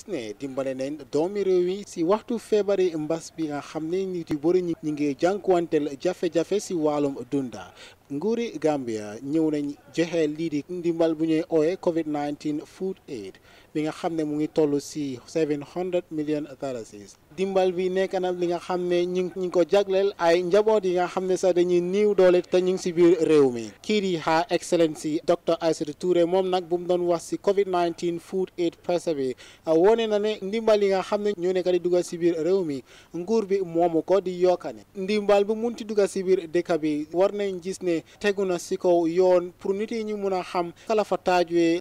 gis ne dimbale nañ doomi réew yi si waxtu feebari mbas bi nga xam ne nit yu bëri ñu ngi jànkuwanteel jafe-jafe si wàllum dunda nguri Gambia ñew nañ joxe li di ndimbal bu ñuy ooye COVID-19 food aid bi nga xam mu ngi tollu ci 700 million dollars dimbal bi nekk na li nga xam ne ñu ko jagleel ay njaboot yi nga xam sa dañuy niw doole te ñing ci biir réew mi kii di Excellency Dr aissatou Touré mom nak bu mu doon wax ci COVID-19 food aid pesa bi wone na né ndimbal yi nga xam ñu nekk di duggal ci biir réew mi nguur bi momu ko di yokane ndimbal bu munti duggal ci biir dëkk bi war nañ gis ne tegu na si kaw yoon pour nit yi ñu mun a xam kala fa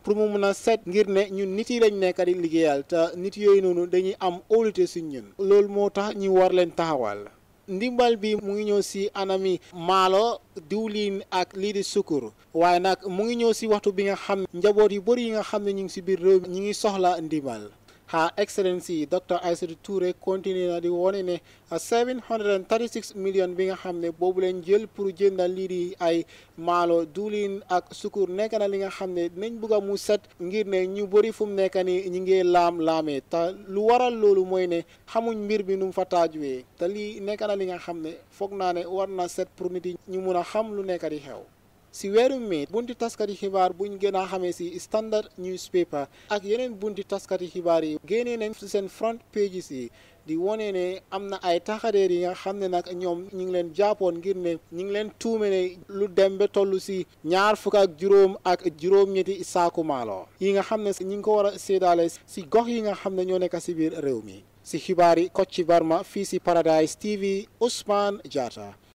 pour mu mun a set ngir ne ñun nit yi lañ nekk di liggéeyal te nit yooyu noonu dañuy am óolute si ñun loolu moo tax ñu war leen taxawal ndimbal bi mu ngi ñëw si anami maalo diwlin ak lii di sukkur waaye nag mu ngi ñëw si waxtu bi nga xam njaboot yu bari yi nga xam ne ñu ngi si biir réew mi ñu ngi soxla ndimbal Her Excellency Dr. Aïssatou Touré continue na di wone ne 736 uh, million bi nga xam ne boobu leen jël pour jëndal lii di ay maalo duulin ak sukur nekk na li nga xam ne dinañ bugg a mu set ngir ne ñu bëri fu mu nekk ni ñi ngi laam laamee te lu waral loolu mooy ne xamuñ mbir bi nu mu fa taajuwee te li nekk na li nga xam ne foog naa ne war na set pour nit yi ñu mun a xam lu nekk di xew si weeru mai bunti taskati xibaar buñ gën a xamee si standard newspaper ak yeneen bunti taskati xibaar yi génne nañ seen front pages yi di wone ne am na ay taxadeer yi nga xam ne nag ñoom ñu ngi leen jàppoon ngir ne ñu ngi leen tuume ne lu dem ba toll si ñaar fukk ak juróom ak juróom-ñetti saaku maalo yi nga xam ne ñi ngi ko war a séddaale si gox yi nga xam ne ñoo nekk si biir réew mi si xibaar yi ci Barma fii si Paradise TV Ousmane Jatta